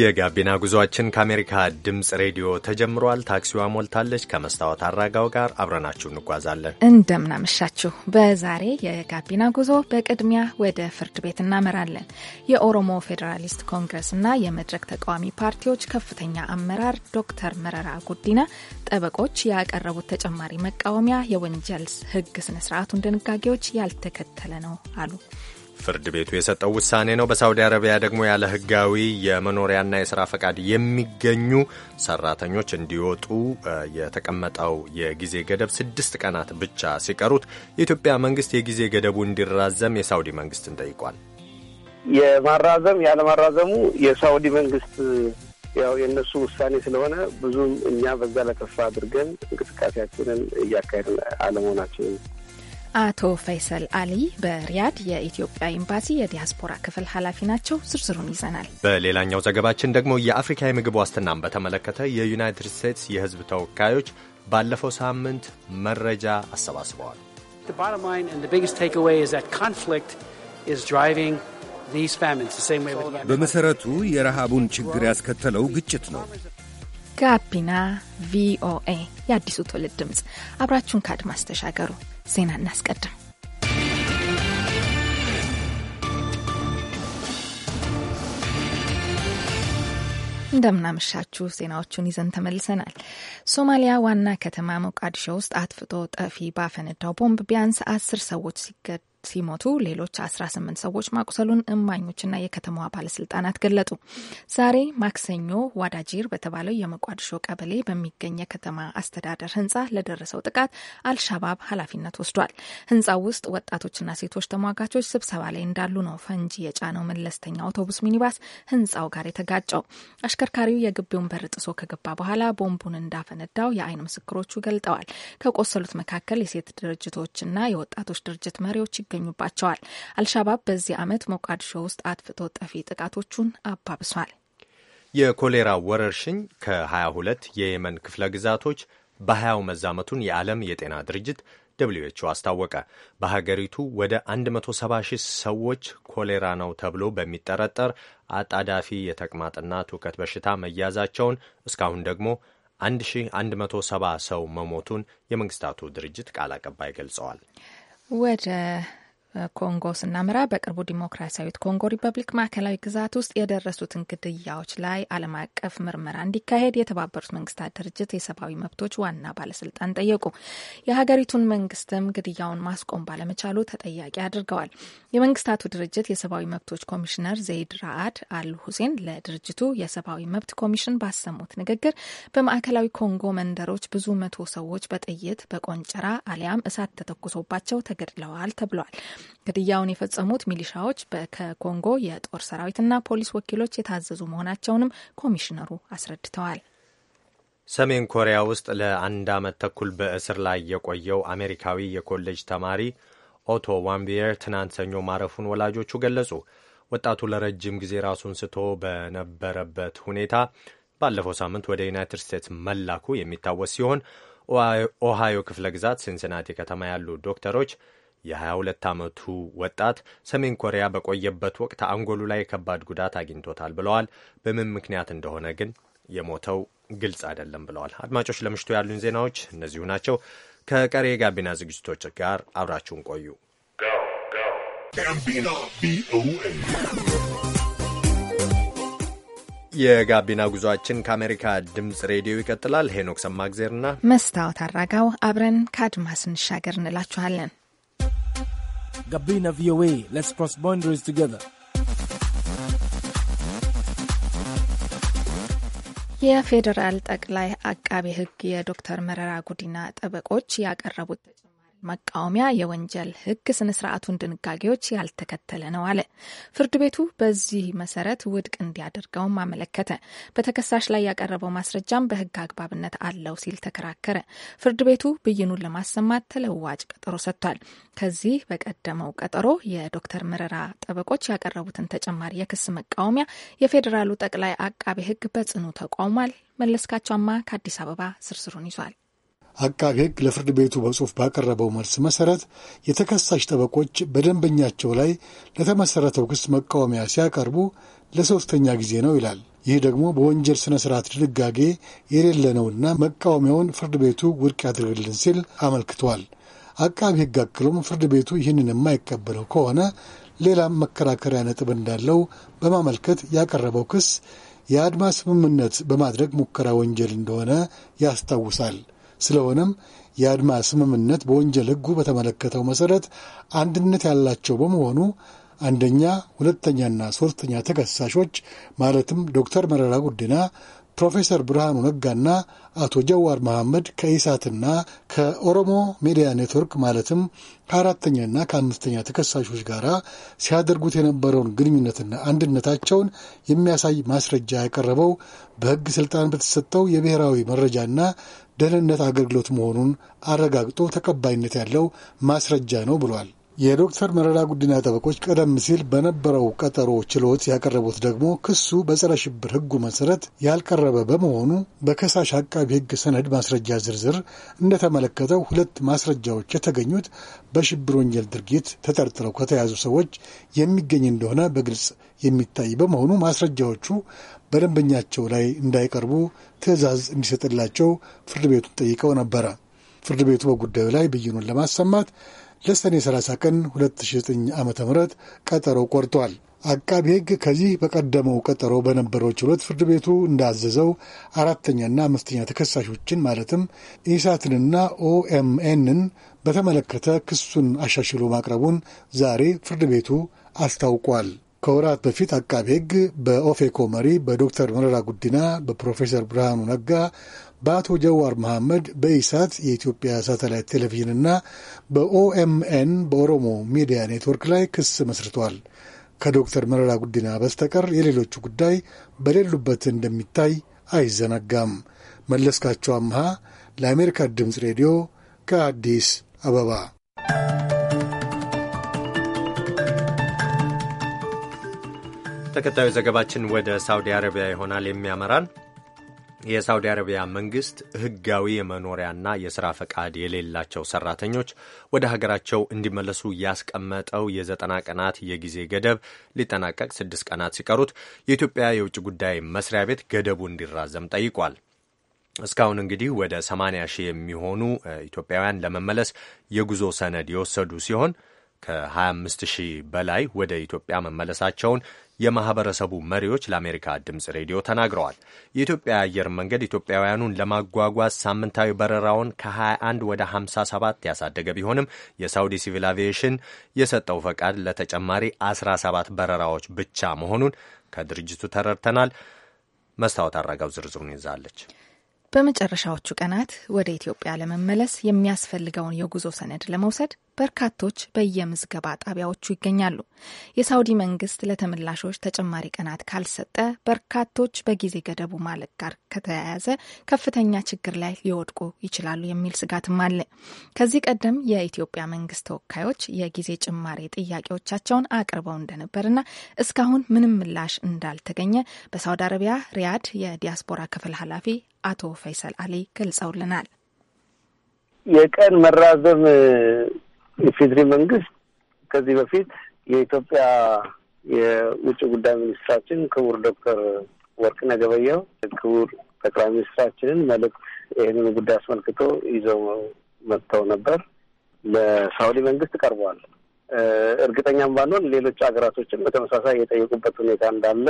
የጋቢና ጉዞአችን ከአሜሪካ ድምፅ ሬዲዮ ተጀምሯል። ታክሲዋ ሞልታለች። ከመስታወት አራጋው ጋር አብረናችሁ እንጓዛለን። እንደምናመሻችሁ። በዛሬ የጋቢና ጉዞ በቅድሚያ ወደ ፍርድ ቤት እናመራለን። የኦሮሞ ፌዴራሊስት ኮንግረስ እና የመድረክ ተቃዋሚ ፓርቲዎች ከፍተኛ አመራር ዶክተር መረራ ጉዲና ጠበቆች ያቀረቡት ተጨማሪ መቃወሚያ የወንጀል ህግ ስነስርዓቱን ድንጋጌዎች ያልተከተለ ነው አሉ። ፍርድ ቤቱ የሰጠው ውሳኔ ነው። በሳውዲ አረቢያ ደግሞ ያለ ህጋዊ የመኖሪያና የስራ ፈቃድ የሚገኙ ሰራተኞች እንዲወጡ የተቀመጠው የጊዜ ገደብ ስድስት ቀናት ብቻ ሲቀሩት የኢትዮጵያ መንግስት የጊዜ ገደቡ እንዲራዘም የሳውዲ መንግስትን ጠይቋል። የማራዘም ያለማራዘሙ የሳውዲ መንግስት ያው የእነሱ ውሳኔ ስለሆነ ብዙም እኛ በዛ ለከፋ አድርገን እንቅስቃሴያችንን እያካሄድን አለመሆናችንን አቶ ፈይሰል አሊ በሪያድ የኢትዮጵያ ኤምባሲ የዲያስፖራ ክፍል ኃላፊ ናቸው። ዝርዝሩን ይዘናል። በሌላኛው ዘገባችን ደግሞ የአፍሪካ የምግብ ዋስትናን በተመለከተ የዩናይትድ ስቴትስ የሕዝብ ተወካዮች ባለፈው ሳምንት መረጃ አሰባስበዋል። በመሰረቱ የረሃቡን ችግር ያስከተለው ግጭት ነው። ጋቢና ቪኦኤ የአዲሱ ትውልድ ድምፅ፣ አብራችሁን ከአድማስ ተሻገሩ። ዜና እናስቀድም። እንደምናመሻችሁ ዜናዎቹን ይዘን ተመልሰናል። ሶማሊያ ዋና ከተማ ሞቃዲሾ ውስጥ አጥፍቶ ጠፊ ባፈነዳው ቦምብ ቢያንስ አስር ሰዎች ሲገድ ሲሞቱ ሌሎች 18 ሰዎች ማቁሰሉን እማኞችና የከተማዋ ባለስልጣናት ገለጡ። ዛሬ ማክሰኞ ዋዳጂር በተባለው የመቋድሾ ቀበሌ በሚገኝ የከተማ አስተዳደር ህንፃ ለደረሰው ጥቃት አልሻባብ ኃላፊነት ወስዷል። ህንፃው ውስጥ ወጣቶችና ሴቶች ተሟጋቾች ስብሰባ ላይ እንዳሉ ነው ፈንጂ የጫነው መለስተኛ አውቶቡስ ሚኒባስ ህንፃው ጋር የተጋጨው። አሽከርካሪው የግቢውን በር ጥሶ ከገባ በኋላ ቦምቡን እንዳፈነዳው የአይን ምስክሮቹ ገልጠዋል። ከቆሰሉት መካከል የሴት ድርጅቶችና የወጣቶች ድርጅት መሪዎች ይገ ይገኙባቸዋል። አልሻባብ በዚህ ዓመት ሞቃዲሾ ውስጥ አጥፍቶ ጠፊ ጥቃቶቹን አባብሷል። የኮሌራ ወረርሽኝ ከ22 የየመን ክፍለ ግዛቶች በ20 መዛመቱን የዓለም የጤና ድርጅት ደብልዩ ኤች ኦ አስታወቀ። በሀገሪቱ ወደ 170 ሺህ ሰዎች ኮሌራ ነው ተብሎ በሚጠረጠር አጣዳፊ የተቅማጥና ትውከት በሽታ መያዛቸውን እስካሁን ደግሞ 1170 ሰው መሞቱን የመንግስታቱ ድርጅት ቃል አቀባይ ገልጸዋል። ወደ ኮንጎ ስናምራ በቅርቡ ዲሞክራሲያዊት ኮንጎ ሪፐብሊክ ማዕከላዊ ግዛት ውስጥ የደረሱትን ግድያዎች ላይ ዓለም አቀፍ ምርመራ እንዲካሄድ የተባበሩት መንግስታት ድርጅት የሰብአዊ መብቶች ዋና ባለስልጣን ጠየቁ። የሀገሪቱን መንግስትም ግድያውን ማስቆም ባለመቻሉ ተጠያቂ አድርገዋል። የመንግስታቱ ድርጅት የሰብአዊ መብቶች ኮሚሽነር ዘይድ ራአድ አል ሁሴን ለድርጅቱ የሰብአዊ መብት ኮሚሽን ባሰሙት ንግግር በማዕከላዊ ኮንጎ መንደሮች ብዙ መቶ ሰዎች በጥይት በቆንጨራ አሊያም እሳት ተተኩሶባቸው ተገድለዋል ተብሏል። ግድያውን የፈጸሙት ሚሊሻዎች ከኮንጎ የጦር ሰራዊትና ፖሊስ ወኪሎች የታዘዙ መሆናቸውንም ኮሚሽነሩ አስረድተዋል። ሰሜን ኮሪያ ውስጥ ለአንድ ዓመት ተኩል በእስር ላይ የቆየው አሜሪካዊ የኮሌጅ ተማሪ ኦቶ ዋምቢየር ትናንት ሰኞ ማረፉን ወላጆቹ ገለጹ። ወጣቱ ለረጅም ጊዜ ራሱን ስቶ በነበረበት ሁኔታ ባለፈው ሳምንት ወደ ዩናይትድ ስቴትስ መላኩ የሚታወስ ሲሆን ኦሃዮ ክፍለ ግዛት ሲንሲናቲ ከተማ ያሉ ዶክተሮች የ22 ዓመቱ ወጣት ሰሜን ኮሪያ በቆየበት ወቅት አንጎሉ ላይ ከባድ ጉዳት አግኝቶታል ብለዋል። በምን ምክንያት እንደሆነ ግን የሞተው ግልጽ አይደለም ብለዋል። አድማጮች፣ ለምሽቱ ያሉን ዜናዎች እነዚሁ ናቸው። ከቀሪ የጋቢና ዝግጅቶች ጋር አብራችሁን ቆዩ። የጋቢና ጉዟችን ከአሜሪካ ድምፅ ሬዲዮ ይቀጥላል። ሄኖክ ሰማግዜርና መስታወት አራጋው አብረን ከአድማስ እንሻገር እንላችኋለን። Gabina VOA. Let's cross boundaries together. የፌዴራል ጠቅላይ አቃቤ ሕግ የዶክተር መረራ ጉዲና ጠበቆች ያቀረቡት መቃወሚያ የወንጀል ህግ ስነ ስርዓቱን ድንጋጌዎች ያልተከተለ ነው አለ። ፍርድ ቤቱ በዚህ መሰረት ውድቅ እንዲያደርገውም አመለከተ። በተከሳሽ ላይ ያቀረበው ማስረጃም በህግ አግባብነት አለው ሲል ተከራከረ። ፍርድ ቤቱ ብይኑን ለማሰማት ተለዋጭ ቀጠሮ ሰጥቷል። ከዚህ በቀደመው ቀጠሮ የዶክተር መረራ ጠበቆች ያቀረቡትን ተጨማሪ የክስ መቃወሚያ የፌዴራሉ ጠቅላይ አቃቤ ህግ በጽኑ ተቋሟል። መለስካቸውማ ከአዲስ አበባ ዝርዝሩን ይዟል። አቃቢ ሕግ ለፍርድ ቤቱ በጽሑፍ ባቀረበው መልስ መሰረት የተከሳሽ ጠበቆች በደንበኛቸው ላይ ለተመሰረተው ክስ መቃወሚያ ሲያቀርቡ ለሶስተኛ ጊዜ ነው ይላል። ይህ ደግሞ በወንጀል ሥነ ሥርዓት ድንጋጌ የሌለ ነውና መቃወሚያውን ፍርድ ቤቱ ውድቅ ያድርግልን ሲል አመልክቷል። አቃቢ ሕግ አክሎም ፍርድ ቤቱ ይህንን የማይቀበለው ከሆነ ሌላም መከራከሪያ ነጥብ እንዳለው በማመልከት ያቀረበው ክስ የአድማ ስምምነት በማድረግ ሙከራ ወንጀል እንደሆነ ያስታውሳል። ስለሆነም የአድማ ስምምነት በወንጀል ሕጉ በተመለከተው መሰረት አንድነት ያላቸው በመሆኑ አንደኛ፣ ሁለተኛና ሶስተኛ ተከሳሾች ማለትም ዶክተር መረራ ጉዲና፣ ፕሮፌሰር ብርሃኑ ነጋና አቶ ጀዋር መሐመድ ከኢሳትና ከኦሮሞ ሚዲያ ኔትወርክ ማለትም ከአራተኛና ከአምስተኛ ተከሳሾች ጋር ሲያደርጉት የነበረውን ግንኙነትና አንድነታቸውን የሚያሳይ ማስረጃ ያቀረበው በሕግ ስልጣን በተሰጠው የብሔራዊ መረጃና ደህንነት አገልግሎት መሆኑን አረጋግጦ ተቀባይነት ያለው ማስረጃ ነው ብሏል። የዶክተር መረራ ጉዲና ጠበቆች ቀደም ሲል በነበረው ቀጠሮ ችሎት ያቀረቡት ደግሞ ክሱ በጸረ ሽብር ሕጉ መሰረት ያልቀረበ በመሆኑ በከሳሽ አቃቢ ሕግ ሰነድ ማስረጃ ዝርዝር እንደተመለከተው ሁለት ማስረጃዎች የተገኙት በሽብር ወንጀል ድርጊት ተጠርጥረው ከተያዙ ሰዎች የሚገኝ እንደሆነ በግልጽ የሚታይ በመሆኑ ማስረጃዎቹ በደንበኛቸው ላይ እንዳይቀርቡ ትዕዛዝ እንዲሰጥላቸው ፍርድ ቤቱን ጠይቀው ነበረ። ፍርድ ቤቱ በጉዳዩ ላይ ብይኑን ለማሰማት ለሰኔ 30 ቀን 2009 ዓ ም ቀጠሮ ቆርጧል። አቃቢ ሕግ ከዚህ በቀደመው ቀጠሮ በነበረው ችሎት ፍርድ ቤቱ እንዳዘዘው አራተኛና አምስተኛ ተከሳሾችን ማለትም ኢሳትንና ኦኤምኤንን በተመለከተ ክሱን አሻሽሎ ማቅረቡን ዛሬ ፍርድ ቤቱ አስታውቋል። ከወራት በፊት አቃቤ ሕግ በኦፌኮ መሪ በዶክተር መረራ ጉዲና፣ በፕሮፌሰር ብርሃኑ ነጋ በአቶ ጀዋር መሐመድ በኢሳት የኢትዮጵያ ሳተላይት ቴሌቪዥንና በኦኤምኤን በኦሮሞ ሚዲያ ኔትወርክ ላይ ክስ መስርቷል። ከዶክተር መረራ ጉዲና በስተቀር የሌሎቹ ጉዳይ በሌሉበት እንደሚታይ አይዘነጋም። መለስካቸው አምሃ ለአሜሪካ ድምፅ ሬዲዮ ከአዲስ አበባ። ተከታዩ ዘገባችን ወደ ሳውዲ አረቢያ ይሆናል የሚያመራን የሳውዲ አረቢያ መንግስት ህጋዊ የመኖሪያና የሥራ ፈቃድ የሌላቸው ሰራተኞች ወደ ሀገራቸው እንዲመለሱ ያስቀመጠው የዘጠና ቀናት የጊዜ ገደብ ሊጠናቀቅ ስድስት ቀናት ሲቀሩት የኢትዮጵያ የውጭ ጉዳይ መስሪያ ቤት ገደቡ እንዲራዘም ጠይቋል። እስካሁን እንግዲህ ወደ ሰማንያ ሺህ የሚሆኑ ኢትዮጵያውያን ለመመለስ የጉዞ ሰነድ የወሰዱ ሲሆን ከ25 ሺህ በላይ ወደ ኢትዮጵያ መመለሳቸውን የማህበረሰቡ መሪዎች ለአሜሪካ ድምፅ ሬዲዮ ተናግረዋል። የኢትዮጵያ አየር መንገድ ኢትዮጵያውያኑን ለማጓጓዝ ሳምንታዊ በረራውን ከ21 ወደ 57 ያሳደገ ቢሆንም የሳውዲ ሲቪል አቪዬሽን የሰጠው ፈቃድ ለተጨማሪ 17 በረራዎች ብቻ መሆኑን ከድርጅቱ ተረድተናል። መስታወት አረጋው ዝርዝሩን ይዛለች። በመጨረሻዎቹ ቀናት ወደ ኢትዮጵያ ለመመለስ የሚያስፈልገውን የጉዞ ሰነድ ለመውሰድ በርካቶች በየምዝገባ ጣቢያዎቹ ይገኛሉ። የሳውዲ መንግስት ለተመላሾች ተጨማሪ ቀናት ካልሰጠ በርካቶች በጊዜ ገደቡ ማለቅ ጋር ከተያያዘ ከፍተኛ ችግር ላይ ሊወድቁ ይችላሉ የሚል ስጋትም አለ። ከዚህ ቀደም የኢትዮጵያ መንግስት ተወካዮች የጊዜ ጭማሪ ጥያቄዎቻቸውን አቅርበው እንደነበርና እስካሁን ምንም ምላሽ እንዳልተገኘ በሳውዲ አረቢያ ሪያድ የዲያስፖራ ክፍል ኃላፊ አቶ ፈይሰል አሊ ገልጸውልናል። የቀን መራዘም የፌድሪ መንግስት ከዚህ በፊት የኢትዮጵያ የውጭ ጉዳይ ሚኒስትራችን ክቡር ዶክተር ወርቅነህ ገበየሁ ክቡር ጠቅላይ ሚኒስትራችንን መልእክት ይህንን ጉዳይ አስመልክቶ ይዘው መጥተው ነበር። ለሳውዲ መንግስት ቀርበዋል። እርግጠኛም ባንሆን ሌሎች ሀገራቶችም በተመሳሳይ የጠየቁበት ሁኔታ እንዳለ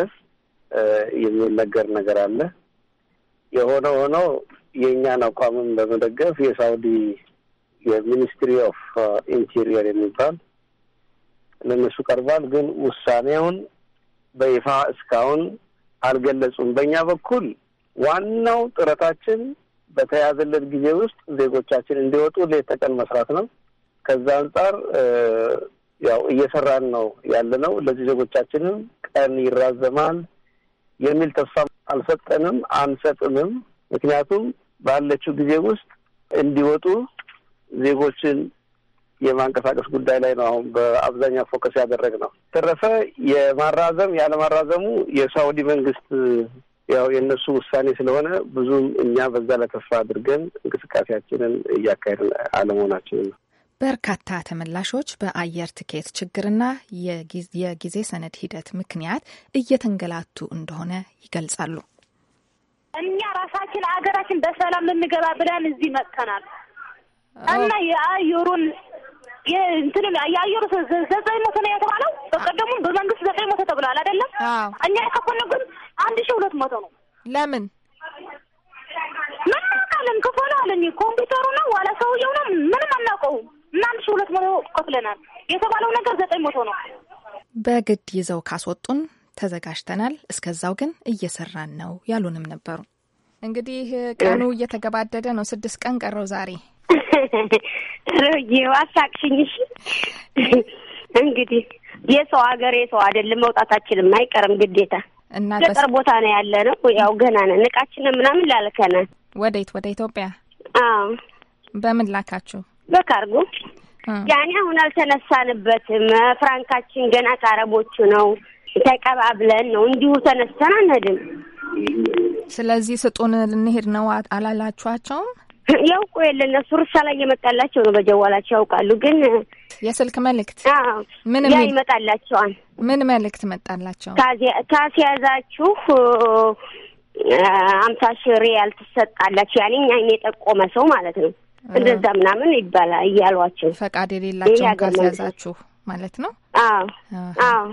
የሚነገር ነገር አለ። የሆነ ሆኖ የእኛን አቋምም በመደገፍ የሳውዲ የሚኒስትሪ ኦፍ ኢንቴሪየር የሚባል ለእነሱ ቀርቧል። ግን ውሳኔውን በይፋ እስካሁን አልገለጹም። በእኛ በኩል ዋናው ጥረታችን በተያዘለት ጊዜ ውስጥ ዜጎቻችን እንዲወጡ ሌት ተቀን መስራት ነው። ከዛ አንጻር ያው እየሰራን ነው ያለ ነው። ለዚህ ዜጎቻችንም ቀን ይራዘማል የሚል ተስፋ አልሰጠንም፣ አንሰጥምም። ምክንያቱም ባለችው ጊዜ ውስጥ እንዲወጡ ዜጎችን የማንቀሳቀስ ጉዳይ ላይ ነው አሁን በአብዛኛው ፎከስ ያደረግ ነው። ተረፈ የማራዘም ያለማራዘሙ የሳውዲ መንግስት ያው የእነሱ ውሳኔ ስለሆነ ብዙም እኛ በዛ ለተስፋ አድርገን እንቅስቃሴያችንን እያካሄድን አለመሆናችንን ነው። በርካታ ተመላሾች በአየር ትኬት ችግርና የጊዜ ሰነድ ሂደት ምክንያት እየተንገላቱ እንደሆነ ይገልጻሉ። እኛ ራሳችን አገራችን በሰላም ልንገባ ብለን እዚህ መጥተናል። እና የአየሩን የእንትን የአየሩ ዘጠኝ መቶ ነው የተባለው። በቀደሙ በመንግስት ዘጠኝ መቶ ተብሏል አይደለም? እኛ የከፈነ ግን አንድ ሺ ሁለት መቶ ነው። ለምን ምን ክፈሉ አለኝ። ኮምፒውተሩ ነው ዋላ ሰውየው ነው ምንም አናውቀውም። እና አንድ ሺ ሁለት መቶ ከፍለናል። የተባለው ነገር ዘጠኝ መቶ ነው። በግድ ይዘው ካስወጡን ተዘጋጅተናል። እስከዛው ግን እየሰራን ነው ያሉንም ነበሩ። እንግዲህ ቀኑ እየተገባደደ ነው። ስድስት ቀን ቀረው ዛሬ አሳቅሽኝ። እሺ እንግዲህ የሰው ሀገር የሰው አይደለም፣ መውጣታችንም አይቀርም ግዴታ። እና ገጠር ቦታ ነው ያለ ነው ያው ገና ነን። እቃችንን ምናምን ላልከናል። ወዴት? ወደ ኢትዮጵያ። አዎ። በምን ላካችሁ? በካርጎ ያኔ። አሁን አልተነሳንበትም። ፍራንካችን ገና ከአረቦቹ ነው። ተቀባብለን ነው እንዲሁ ተነስተን አንሄድም። ስለዚህ ስጡን ልንሄድ ነው አላላችኋቸውም? ያውቁ የለ እነሱ ርሳ ላይ እየመጣላቸው ነው። በጀዋላቸው ያውቃሉ። ግን የስልክ መልእክት ምን ያ ይመጣላቸዋል። ምን መልእክት መጣላቸው? ካስያዛችሁ አምሳ ሺ ሪያል ትሰጣላችሁ። ያኔ እኛን የጠቆመ ሰው ማለት ነው። እንደዛ ምናምን ይባላል እያሏቸው ፈቃድ የሌላቸውን ካስያዛችሁ ማለት ነው። አዎ አዎ፣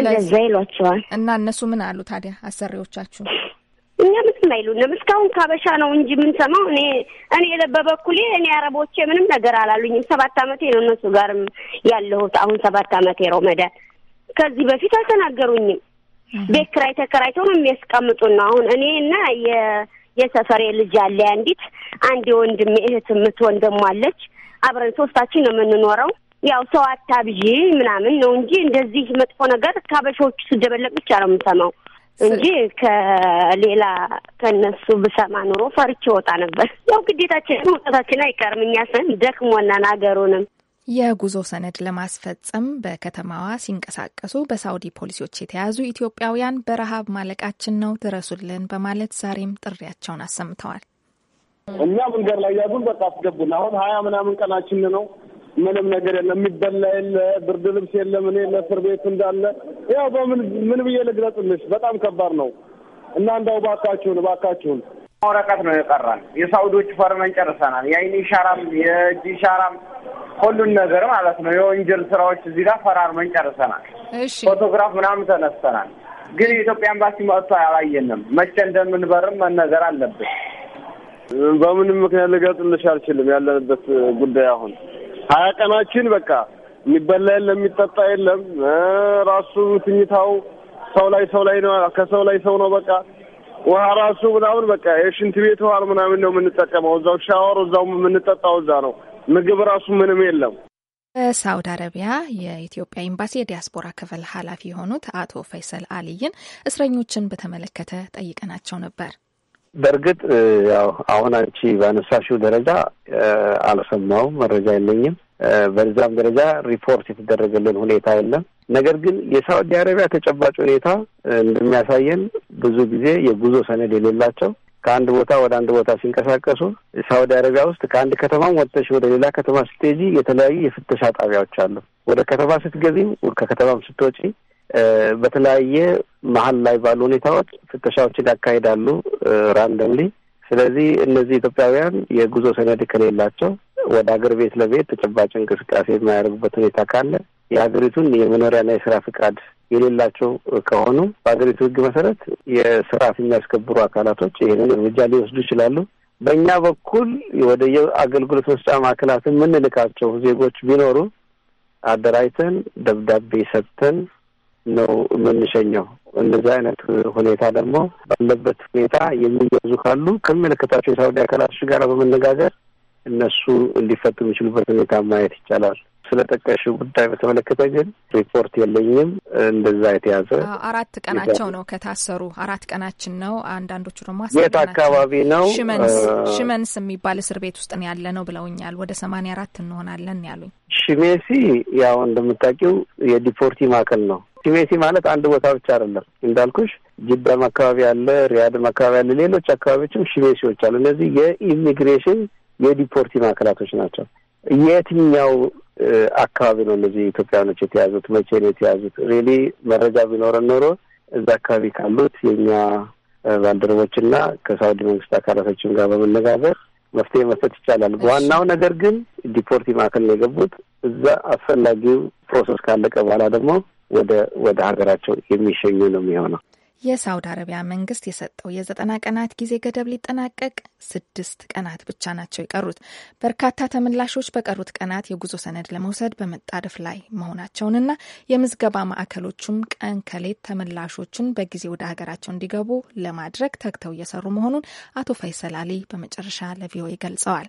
እንደዛ ይሏቸዋል። እና እነሱ ምን አሉ ታዲያ አሰሪዎቻችሁ? እኛ ምንም አይሉንም። እስካሁን ካበሻ ነው እንጂ የምንሰማው። እኔ እኔ በበኩሌ እኔ አረቦቼ ምንም ነገር አላሉኝም። ሰባት አመቴ ነው እነሱ ጋርም ያለሁት አሁን ሰባት አመቴ ረመዳን። ከዚህ በፊት አልተናገሩኝም። ቤት ኪራይ ተከራይተው ነው የሚያስቀምጡን ነው አሁን እኔ እና የሰፈሬ ልጅ አለ አንዲት አንድ የወንድሜ እህት የምትወንድሟ አለች። አብረን ሶስታችን ነው የምንኖረው። ያው ሰው አታብዢ ምናምን ነው እንጂ እንደዚህ መጥፎ ነገር ከአበሾቹ ስደበለቅ ብቻ ነው የምንሰማው። እንጂ ከሌላ ከነሱ ብሰማ ኑሮ ፈርቼ ወጣ ነበር። ያው ግዴታችን መውጣታችን አይቀርም። እኛ ስን ደክሞናን አገሩንም የጉዞ ሰነድ ለማስፈጸም በከተማዋ ሲንቀሳቀሱ በሳውዲ ፖሊሶች የተያዙ ኢትዮጵያውያን በረሃብ ማለቃችን ነው ድረሱልን በማለት ዛሬም ጥሪያቸውን አሰምተዋል። እኛ መንገድ ላይ ያዙን፣ በቃ አስገቡን። አሁን ሀያ ምናምን ቀናችን ነው ምንም ነገር የለም፣ የሚበላ የለ፣ ብርድ ልብስ የለ፣ ምን የለ፣ እስር ቤት እንዳለ ያው በምን ምን ብዬ ልግለጽልሽ? በጣም ከባድ ነው እና እንዳው ባካችሁን ባካችሁን ወረቀት ነው የቀራን። የሳውዶቹ ፈርመን ጨርሰናል። የአይን ሻራም የእጅ ሻራም ሁሉን ነገር ማለት ነው። የወንጀል ስራዎች እዚህ ጋር ፈራርመን ጨርሰናል። ፎቶግራፍ ምናምን ተነስተናል። ግን የኢትዮጵያ ኤምባሲ መጥቶ አላየንም። መቼ እንደምንበርም መነገር አለብን። በምንም ምክንያት ልገልጽልሽ አልችልም ያለንበት ጉዳይ አሁን ሀያ ቀናችን በቃ የሚበላ የለም፣ የሚጠጣ የለም። ራሱ ትኝታው ሰው ላይ ሰው ላይ ነው፣ ከሰው ላይ ሰው ነው። በቃ ውሃ ራሱ ምናምን በቃ የሽንት ቤት ውሃ ምናምን ነው የምንጠቀመው። እዛው ሻወር፣ እዛው የምንጠጣው እዛ ነው። ምግብ ራሱ ምንም የለም። በሳውዲ አረቢያ የኢትዮጵያ ኤምባሲ የዲያስፖራ ክፍል ኃላፊ የሆኑት አቶ ፈይሰል አልይን እስረኞችን በተመለከተ ጠይቀናቸው ነበር። በእርግጥ ያው አሁን አንቺ ባነሳሽው ደረጃ አልሰማውም፣ መረጃ የለኝም። በዛም ደረጃ ሪፖርት የተደረገልን ሁኔታ የለም። ነገር ግን የሳውዲ አረቢያ ተጨባጭ ሁኔታ እንደሚያሳየን ብዙ ጊዜ የጉዞ ሰነድ የሌላቸው ከአንድ ቦታ ወደ አንድ ቦታ ሲንቀሳቀሱ ሳውዲ አረቢያ ውስጥ ከአንድ ከተማም ወጥተሽ ወደ ሌላ ከተማ ስትሄጂ የተለያዩ የፍተሻ ጣቢያዎች አሉ። ወደ ከተማ ስትገቢም ከከተማም ስትወጪ በተለያየ መሀል ላይ ባሉ ሁኔታዎች ፍተሻዎችን ያካሂዳሉ ራንደምሊ። ስለዚህ እነዚህ ኢትዮጵያውያን የጉዞ ሰነድ ከሌላቸው ወደ ሀገር ቤት ለቤት ተጨባጭ እንቅስቃሴ የማያደርጉበት ሁኔታ ካለ የሀገሪቱን የመኖሪያና የስራ ፍቃድ የሌላቸው ከሆኑ በሀገሪቱ ሕግ መሰረት የስራ የሚያስከብሩ አካላቶች ይህንን እርምጃ ሊወስዱ ይችላሉ። በእኛ በኩል ወደ የአገልግሎት መስጫ ማዕከላትን የምንልካቸው ዜጎች ቢኖሩ አደራጅተን ደብዳቤ ሰጥተን ነው የምንሸኘው። እንደዚህ አይነት ሁኔታ ደግሞ ባለበት ሁኔታ የሚያዙ ካሉ ከሚመለከታቸው የሳውዲ አካላቶች ጋር በመነጋገር እነሱ እንዲፈቱ የሚችሉበት ሁኔታ ማየት ይቻላል። ስለጠቀሽ ጉዳይ በተመለከተ ግን ሪፖርት የለኝም። እንደዛ የተያዘ አራት ቀናቸው ነው ከታሰሩ አራት ቀናችን ነው። አንዳንዶቹ ደግሞ የት አካባቢ ነው ሽመንስ ሽመንስ የሚባል እስር ቤት ውስጥ ነው ያለ ነው ብለውኛል። ወደ ሰማንያ አራት እንሆናለን ያሉኝ። ሽሜሲ ያው እንደምታውቂው የዲፖርቲ ማዕከል ነው። ዲቤሲ ማለት አንድ ቦታ ብቻ አይደለም። እንዳልኩሽ ጅዳም አካባቢ አለ፣ ሪያድም አካባቢ አለ፣ ሌሎች አካባቢዎችም ሽቤሲዎች አሉ። እነዚህ የኢሚግሬሽን የዲፖርቲ ማዕከላቶች ናቸው። የትኛው አካባቢ ነው እነዚህ ኢትዮጵያኖች የተያዙት? መቼ ነው የተያዙት? ሬሊ መረጃ ቢኖረን ኖሮ እዛ አካባቢ ካሉት የእኛ ባልደረቦችና ከሳውዲ መንግስት አካላቶችም ጋር በመነጋገር መፍትሄ መስጠት ይቻላል። ዋናው ነገር ግን ዲፖርቲ ማዕከል ነው የገቡት። እዛ አስፈላጊው ፕሮሰስ ካለቀ በኋላ ደግሞ ወደ ወደ ሀገራቸው የሚሸኙ ነው የሚሆነው። የሳውዲ አረቢያ መንግስት የሰጠው የዘጠና ቀናት ጊዜ ገደብ ሊጠናቀቅ ስድስት ቀናት ብቻ ናቸው የቀሩት። በርካታ ተመላሾች በቀሩት ቀናት የጉዞ ሰነድ ለመውሰድ በመጣደፍ ላይ መሆናቸውንና የምዝገባ ማዕከሎቹም ቀን ከሌት ተመላሾችን በጊዜ ወደ ሀገራቸው እንዲገቡ ለማድረግ ተግተው እየሰሩ መሆኑን አቶ ፈይሰል አሊ በመጨረሻ ለቪኦኤ ገልጸዋል።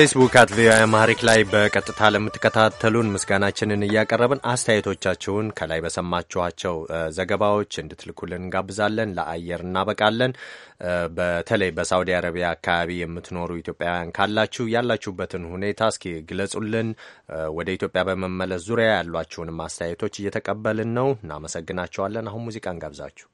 ፌስቡክ አት ቪኦኤ አማሪክ ላይ በቀጥታ ለምትከታተሉን ምስጋናችንን እያቀረብን አስተያየቶቻችሁን ከላይ በሰማችኋቸው ዘገባዎች እንድትልኩልን እንጋብዛለን። ለአየር እናበቃለን። በተለይ በሳውዲ አረቢያ አካባቢ የምትኖሩ ኢትዮጵያውያን ካላችሁ ያላችሁበትን ሁኔታ እስኪ ግለጹልን። ወደ ኢትዮጵያ በመመለስ ዙሪያ ያሏችሁንም አስተያየቶች እየተቀበልን ነው። እናመሰግናቸዋለን። አሁን ሙዚቃ እንጋብዛችሁ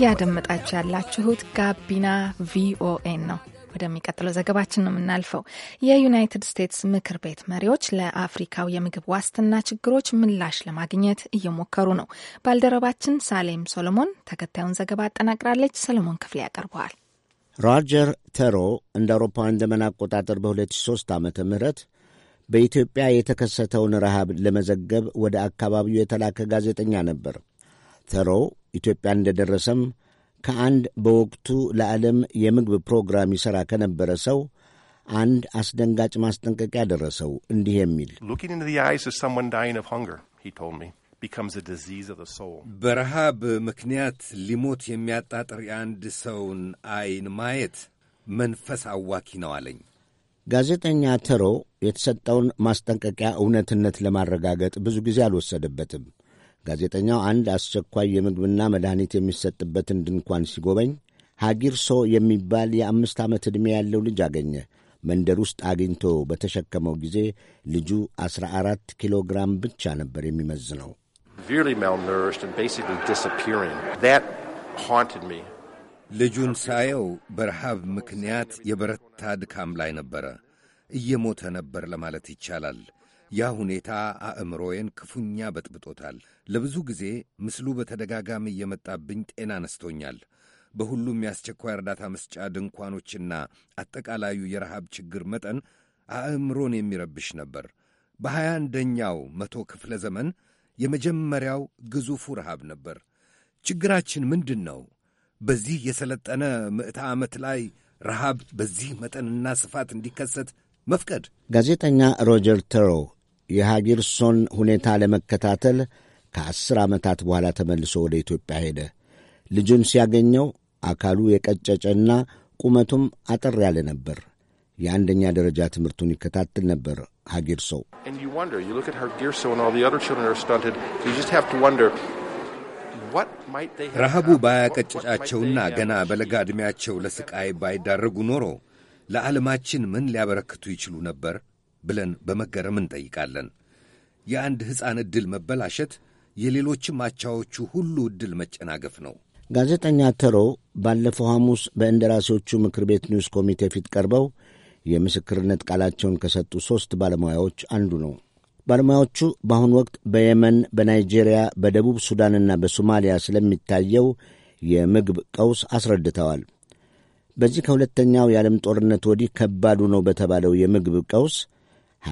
እያደመጣችሁ ያላችሁት ጋቢና ቪኦኤን ነው። ወደሚቀጥለው ዘገባችን ነው የምናልፈው። የዩናይትድ ስቴትስ ምክር ቤት መሪዎች ለአፍሪካው የምግብ ዋስትና ችግሮች ምላሽ ለማግኘት እየሞከሩ ነው። ባልደረባችን ሳሌም ሶሎሞን ተከታዩን ዘገባ አጠናቅራለች። ሰሎሞን ክፍሌ ያቀርበዋል። ሮጀር ተሮ እንደ አውሮፓውያን ዘመን አቆጣጠር በ2003 ዓ ም በኢትዮጵያ የተከሰተውን ረሃብ ለመዘገብ ወደ አካባቢው የተላከ ጋዜጠኛ ነበር። ተሮ ኢትዮጵያ እንደደረሰም ከአንድ በወቅቱ ለዓለም የምግብ ፕሮግራም ይሠራ ከነበረ ሰው አንድ አስደንጋጭ ማስጠንቀቂያ ደረሰው፣ እንዲህ የሚል በረሃብ ምክንያት ሊሞት የሚያጣጥር የአንድ ሰውን አይን ማየት መንፈስ አዋኪ ነው አለኝ። ጋዜጠኛ ተሮ የተሰጠውን ማስጠንቀቂያ እውነትነት ለማረጋገጥ ብዙ ጊዜ አልወሰደበትም። ጋዜጠኛው አንድ አስቸኳይ የምግብና መድኃኒት የሚሰጥበትን ድንኳን ሲጎበኝ ሀጊር ሶ የሚባል የአምስት ዓመት ዕድሜ ያለው ልጅ አገኘ። መንደር ውስጥ አግኝቶ በተሸከመው ጊዜ ልጁ 14 ኪሎ ግራም ብቻ ነበር የሚመዝነው። ልጁን ሳየው በረሃብ ምክንያት የበረታ ድካም ላይ ነበረ። እየሞተ ነበር ለማለት ይቻላል። ያ ሁኔታ አእምሮዬን ክፉኛ በጥብጦታል። ለብዙ ጊዜ ምስሉ በተደጋጋሚ እየመጣብኝ ጤና ነስቶኛል። በሁሉም የአስቸኳይ እርዳታ መስጫ ድንኳኖችና አጠቃላዩ የረሃብ ችግር መጠን አእምሮን የሚረብሽ ነበር። በሀያ አንደኛው መቶ ክፍለ ዘመን የመጀመሪያው ግዙፉ ረሃብ ነበር። ችግራችን ምንድን ነው? በዚህ የሰለጠነ ምዕተ ዓመት ላይ ረሃብ በዚህ መጠንና ስፋት እንዲከሰት መፍቀድ። ጋዜጠኛ ሮጀር ተሮ የሃጊርሶን ሁኔታ ለመከታተል ከአስር ዓመታት በኋላ ተመልሶ ወደ ኢትዮጵያ ሄደ። ልጁን ሲያገኘው አካሉ የቀጨጨና ቁመቱም አጠር ያለ ነበር። የአንደኛ ደረጃ ትምህርቱን ይከታተል ነበር። ሃጊርሶ ረሃቡ ባያቀጨጫቸውና ገና በለጋ ዕድሜያቸው ለሥቃይ ባይዳረጉ ኖሮ ለዓለማችን ምን ሊያበረክቱ ይችሉ ነበር? ብለን በመገረም እንጠይቃለን። የአንድ ሕፃን ዕድል መበላሸት የሌሎችም አቻዎቹ ሁሉ ዕድል መጨናገፍ ነው። ጋዜጠኛ ተሮ ባለፈው ሐሙስ በእንደራሴዎቹ ምክር ቤት ኒውስ ኮሚቴ ፊት ቀርበው የምስክርነት ቃላቸውን ከሰጡ ሦስት ባለሙያዎች አንዱ ነው። ባለሙያዎቹ በአሁኑ ወቅት በየመን፣ በናይጄሪያ፣ በደቡብ ሱዳንና በሶማሊያ ስለሚታየው የምግብ ቀውስ አስረድተዋል። በዚህ ከሁለተኛው የዓለም ጦርነት ወዲህ ከባዱ ነው በተባለው የምግብ ቀውስ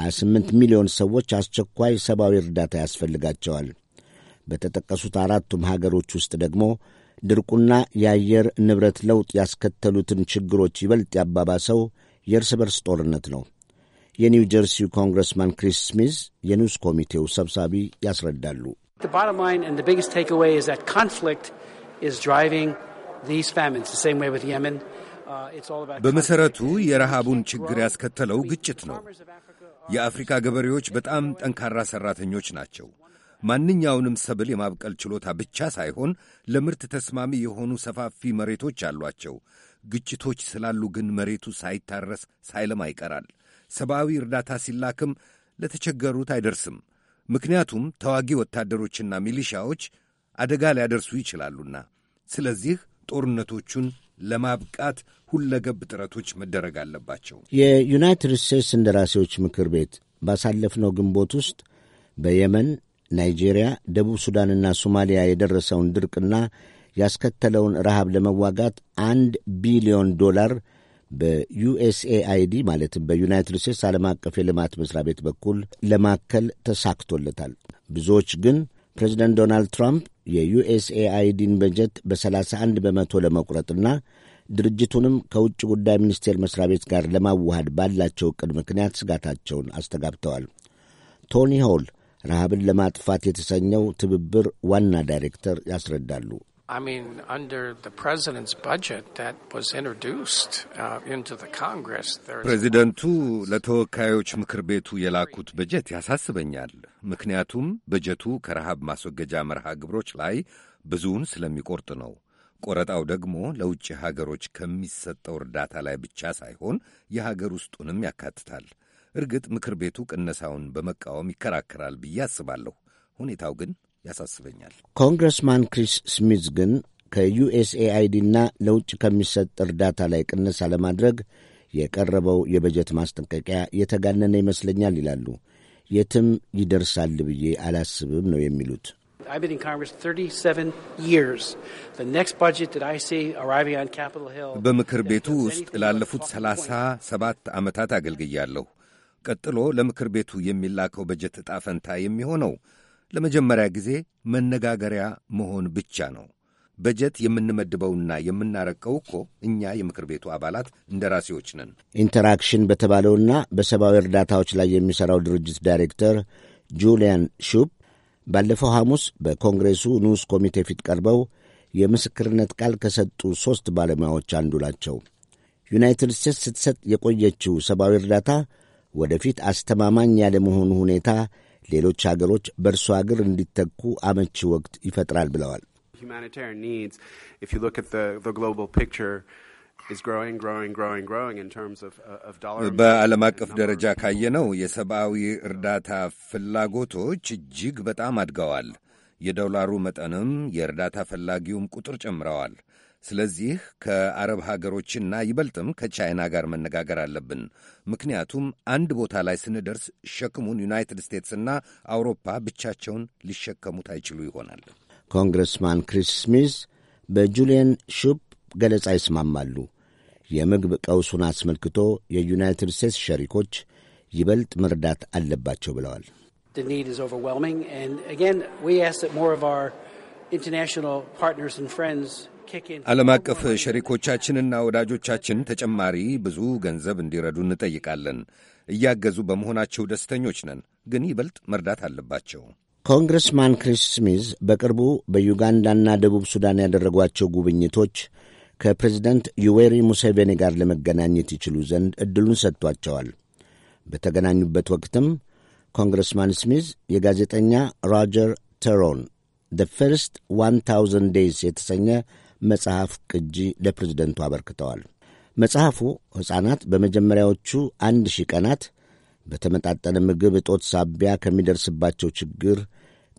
28 ሚሊዮን ሰዎች አስቸኳይ ሰብአዊ እርዳታ ያስፈልጋቸዋል። በተጠቀሱት አራቱም ሀገሮች ውስጥ ደግሞ ድርቁና የአየር ንብረት ለውጥ ያስከተሉትን ችግሮች ይበልጥ ያባባሰው የእርስ በርስ ጦርነት ነው። የኒው ጀርሲው ኮንግረስማን ክሪስ ስሚዝ የኒውስ ኮሚቴው ሰብሳቢ ያስረዳሉ። uh, በመሠረቱ የረሃቡን ችግር ያስከተለው ግጭት ነው። የአፍሪካ ገበሬዎች በጣም ጠንካራ ሠራተኞች ናቸው። ማንኛውንም ሰብል የማብቀል ችሎታ ብቻ ሳይሆን ለምርት ተስማሚ የሆኑ ሰፋፊ መሬቶች አሏቸው። ግጭቶች ስላሉ ግን መሬቱ ሳይታረስ ሳይለማ ይቀራል። ሰብአዊ እርዳታ ሲላክም ለተቸገሩት አይደርስም። ምክንያቱም ተዋጊ ወታደሮችና ሚሊሻዎች አደጋ ሊያደርሱ ይችላሉና። ስለዚህ ጦርነቶቹን ለማብቃት ሁለገብ ጥረቶች መደረግ አለባቸው። የዩናይትድ ስቴትስ እንደራሴዎች ምክር ቤት ባሳለፍነው ግንቦት ውስጥ በየመን፣ ናይጄሪያ፣ ደቡብ ሱዳንና ሶማሊያ የደረሰውን ድርቅና ያስከተለውን ረሃብ ለመዋጋት አንድ ቢሊዮን ዶላር በዩኤስኤአይዲ ማለትም በዩናይትድ ስቴትስ ዓለም አቀፍ የልማት መስሪያ ቤት በኩል ለማከል ተሳክቶለታል። ብዙዎች ግን ፕሬዚደንት ዶናልድ ትራምፕ የዩኤስኤአይዲን በጀት በ31 በመቶ ለመቁረጥና ድርጅቱንም ከውጭ ጉዳይ ሚኒስቴር መስሪያ ቤት ጋር ለማዋሃድ ባላቸው ቅድ ምክንያት ስጋታቸውን አስተጋብተዋል። ቶኒ ሆል ረሃብን ለማጥፋት የተሰኘው ትብብር ዋና ዳይሬክተር ያስረዳሉ። uh, ፕሬዚደንቱ ለተወካዮች ምክር ቤቱ የላኩት በጀት ያሳስበኛል። ምክንያቱም በጀቱ ከረሃብ ማስወገጃ መርሃ ግብሮች ላይ ብዙውን ስለሚቆርጥ ነው። ቆረጣው ደግሞ ለውጭ ሀገሮች ከሚሰጠው እርዳታ ላይ ብቻ ሳይሆን የሀገር ውስጡንም ያካትታል። እርግጥ ምክር ቤቱ ቅነሳውን በመቃወም ይከራከራል ብዬ አስባለሁ። ሁኔታው ግን ያሳስበኛል። ኮንግረስማን ክሪስ ስሚዝ ግን ከዩኤስኤአይዲና ለውጭ ከሚሰጥ እርዳታ ላይ ቅነሳ ለማድረግ የቀረበው የበጀት ማስጠንቀቂያ የተጋነነ ይመስለኛል ይላሉ። የትም ይደርሳል ብዬ አላስብም ነው የሚሉት። I've been in Congress 37 years. The next budget that I see arriving on Capitol Hill በምክር ቤቱ ውስጥ ላለፉት 37 ዓመታት አገልግያለሁ። ቀጥሎ ለምክር ቤቱ የሚላከው በጀት ዕጣ ፈንታ የሚሆነው ለመጀመሪያ ጊዜ መነጋገሪያ መሆን ብቻ ነው። በጀት የምንመድበውና የምናረቀው እኮ እኛ የምክር ቤቱ አባላት እንደራሴዎች ነን። ኢንተራክሽን በተባለውና በሰብአዊ እርዳታዎች ላይ የሚሠራው ድርጅት ዳይሬክተር ጁሊያን ሹፕ ባለፈው ሐሙስ በኮንግሬሱ ንዑስ ኮሚቴ ፊት ቀርበው የምስክርነት ቃል ከሰጡ ሦስት ባለሙያዎች አንዱ ናቸው። ዩናይትድ ስቴትስ ስትሰጥ የቆየችው ሰብአዊ እርዳታ ወደፊት አስተማማኝ ያለመሆኑ ሁኔታ ሌሎች አገሮች በእርሶ አገር እንዲተኩ አመቺ ወቅት ይፈጥራል ብለዋል። Uh, በዓለም አቀፍ ደረጃ ካየነው የሰብአዊ እርዳታ ፍላጎቶች እጅግ በጣም አድገዋል። የዶላሩ መጠንም የእርዳታ ፈላጊውም ቁጥር ጨምረዋል። ስለዚህ ከአረብ ሀገሮችና ይበልጥም ከቻይና ጋር መነጋገር አለብን። ምክንያቱም አንድ ቦታ ላይ ስንደርስ ሸክሙን ዩናይትድ ስቴትስና አውሮፓ ብቻቸውን ሊሸከሙት አይችሉ ይሆናል። ኮንግረስማን ክሪስ ስሚዝ በጁሊየን ሹፕ ገለጻ ይስማማሉ። የምግብ ቀውሱን አስመልክቶ የዩናይትድ ስቴትስ ሸሪኮች ይበልጥ መርዳት አለባቸው ብለዋል። ዓለም አቀፍ ሸሪኮቻችንና ወዳጆቻችን ተጨማሪ ብዙ ገንዘብ እንዲረዱ እንጠይቃለን። እያገዙ በመሆናቸው ደስተኞች ነን፣ ግን ይበልጥ መርዳት አለባቸው። ኮንግረስማን ክሪስ ስሚዝ በቅርቡ በዩጋንዳና ደቡብ ሱዳን ያደረጓቸው ጉብኝቶች ከፕሬዚደንት ዩዌሪ ሙሴቬኒ ጋር ለመገናኘት ይችሉ ዘንድ ዕድሉን ሰጥቷቸዋል። በተገናኙበት ወቅትም ኮንግረስማን ስሚዝ የጋዜጠኛ ሮጀር ተሮን ደ ፈርስት 1000 ዴይስ የተሰኘ መጽሐፍ ቅጂ ለፕሬዝደንቱ አበርክተዋል። መጽሐፉ ሕፃናት በመጀመሪያዎቹ አንድ ሺህ ቀናት በተመጣጠነ ምግብ እጦት ሳቢያ ከሚደርስባቸው ችግር፣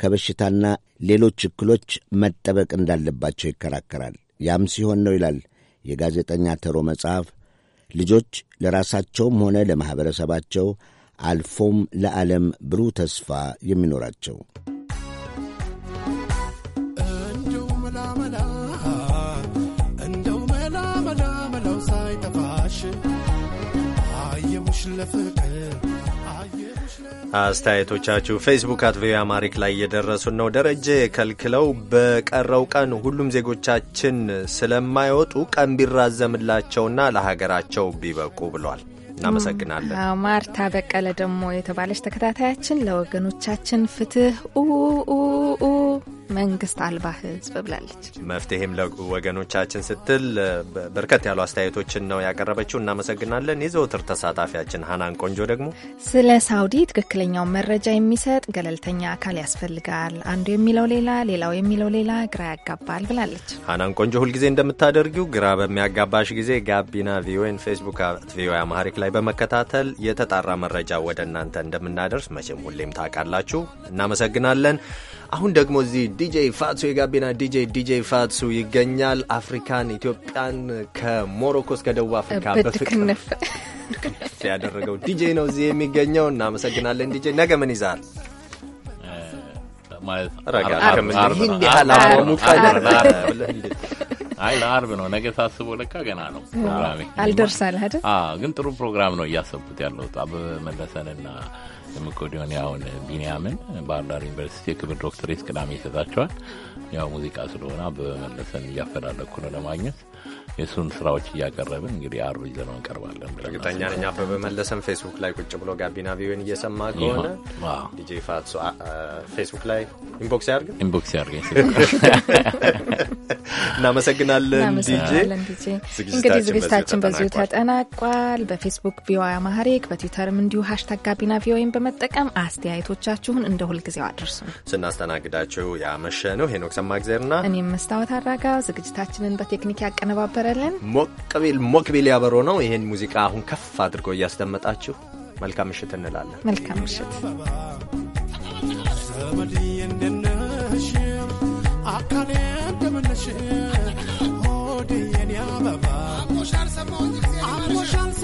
ከበሽታና ሌሎች እክሎች መጠበቅ እንዳለባቸው ይከራከራል። ያም ሲሆን ነው ይላል የጋዜጠኛ ተሮ መጽሐፍ፣ ልጆች ለራሳቸውም ሆነ ለማኅበረሰባቸው አልፎም ለዓለም ብሩህ ተስፋ የሚኖራቸው። እንደው መላው ለፍቅር አስተያየቶቻችሁ ፌስቡክ አት ቪኦኤ አማሪክ ላይ እየደረሱን ነው። ደረጀ የከልክለው በቀረው ቀን ሁሉም ዜጎቻችን ስለማይወጡ ቀን ቢራዘምላቸውና ለሀገራቸው ቢበቁ ብሏል። እናመሰግናለን። ማርታ በቀለ ደግሞ የተባለች ተከታታያችን ለወገኖቻችን ፍትህ መንግስት አልባ ህዝብ ብላለች። መፍትሄም ለወገኖቻችን ስትል በርከት ያሉ አስተያየቶችን ነው ያቀረበችው። እናመሰግናለን። የዘውትር ተሳታፊያችን ሀናን ቆንጆ ደግሞ ስለ ሳውዲ ትክክለኛውን መረጃ የሚሰጥ ገለልተኛ አካል ያስፈልጋል፣ አንዱ የሚለው ሌላ፣ ሌላው የሚለው ሌላ ግራ ያጋባል ብላለች። ሀናን ቆንጆ ሁልጊዜ እንደምታደርጊው ግራ በሚያጋባሽ ጊዜ ጋቢና ቪኦኤን ፌስቡክ ቪኦኤ አማሪክ ላይ በመከታተል የተጣራ መረጃ ወደ እናንተ እንደምናደርስ መቼም ሁሌም ታውቃላችሁ። እናመሰግናለን። አሁን ደግሞ እዚህ ዲጄ ፋቱ የጋቢና ዲጄ ዲጄ ፋቱ ይገኛል። አፍሪካን ኢትዮጵያን ከሞሮኮ እስከ ደቡብ አፍሪካ በፍቅር ያደረገው ዲጄ ነው እዚህ የሚገኘው። እናመሰግናለን ዲጄ። ነገ ምን ይዛል አይ ለአርብ ነው። ነገ ሳስቦ ለካ ገና ነው ፕሮግራሜ አልደርሳል። ግን ጥሩ ፕሮግራም ነው እያሰብኩት ያለሁት አበበ መለሰንና መቄዶንያውን ቢንያምን ባህር ዳር ዩኒቨርሲቲ የክብር ዶክትሬት ቅዳሜ ይሰጣቸዋል። ያው ሙዚቃ ስለሆነ በመለሰን እያፈላለኩ ነው ለማግኘት የእሱን ስራዎች እያቀረብን እንግዲህ አርብ ይዘነው እንቀርባለን። እርግጠኛ ነኝ አበበ መለሰን ፌስቡክ ላይ ቁጭ ብሎ ጋቢና ቪዮን እየሰማ ከሆነ ዲጄ ፋሶ ፌስቡክ ላይ ኢንቦክስ ያርግ ኢንቦክስ ያርገኝ እናመሰግናለን ዲጄ። እንግዲህ ዝግጅታችን በዚሁ ተጠናቋል። በፌስቡክ ቪኦኤ አማሪክ በትዊተርም እንዲሁ ሀሽታግ ጋቢና ቪኦኤን በመጠቀም አስተያየቶቻችሁን እንደ ሁልጊዜው አድርሱ። ስናስተናግዳችሁ ያመሸ ነው ሄኖክ ሰማእግዜርና እኔም መስታወት አራጋው። ዝግጅታችንን በቴክኒክ ያቀነባበረልን ሞቅቤል ሞቅቤል ያበሮ ነው። ይህን ሙዚቃ አሁን ከፍ አድርጎ እያስደመጣችሁ መልካም ምሽት እንላለን። መልካም ምሽት አካሌ እንደምነሽ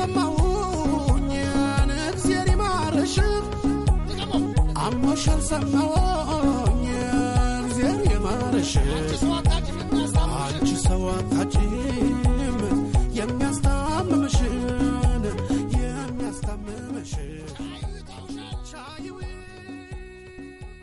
ሰማሁኝ እግዜር ይማርሽ አሞሻል ሰማሁኝ እግዜር ይማርሽ አንቺ ሰው አታጭ